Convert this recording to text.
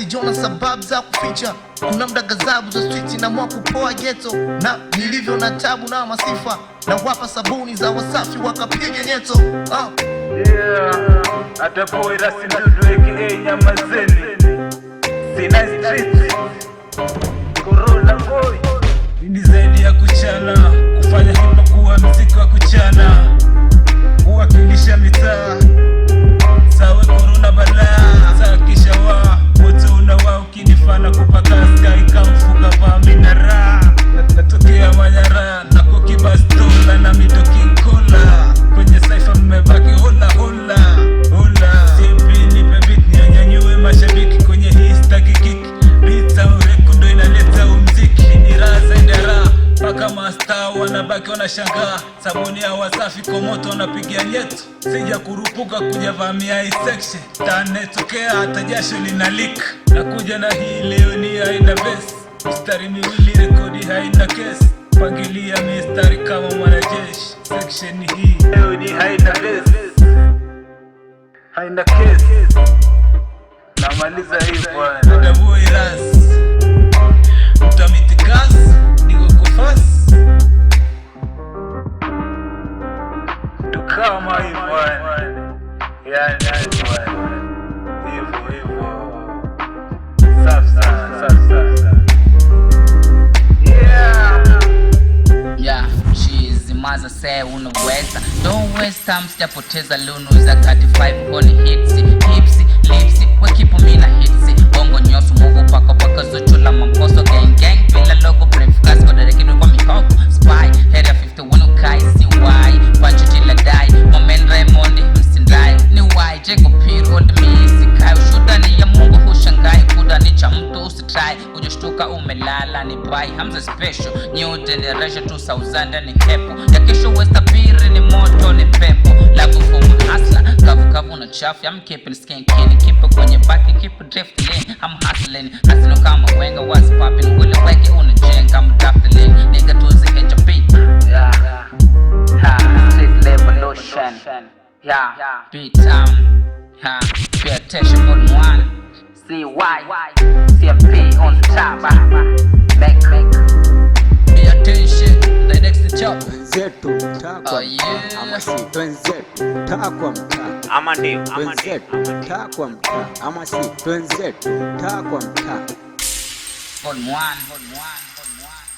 sijaona sababu za kuficha. Kuna mda gazabu za street na mwa kupoa geto, na nilivyo na tabu na masifa, na wapa sabuni za wasafi wakapiga nyeto uh. yeah, ataboy rasi na sleki nyamazeni sina street Corolla boy wanabaki wanashangaa, sabuni ya Wasafi kwa moto wanapigia nyeto, sija kurupuka kujavamia hii section, tanetokea hata jasho linalika, nakuja na hii leo ni haina besi, mistari miwili rekodi haina kesi, pangilia mistari kama mwanajeshi, section hii leo ni haina vesi, haina kesi, namaliza hii bwana. kama hivyo yani, hivyo hivyo safi sana, safi Maza se unaweza, don't waste time, sijapoteza lunu za 35 goni hipsi hipsi lips kushtuka umelala ni bai Hamza special new generation to 2000 ni kepo ya kesho West westabiri ni moto ni pepo la fomu hasla kavu kavu na chafu I'm keeping skin kini kipo kwenye baki kipo lane I'm hustling hasino kama wenga what's popping wile weke unajenga I'm dappling nigga edge of beat yeah. ha street revolution yeah, um, yeah. beat time ha pay attention one one CY CMP on top make make pay attention the next chap zetu mtakwa oh, yeah. ama si twenzetu mtakwa mtaa ama ndio ama zetu mtakwa mtaa ama si twenzetu mtakwa mtaa on one on one on one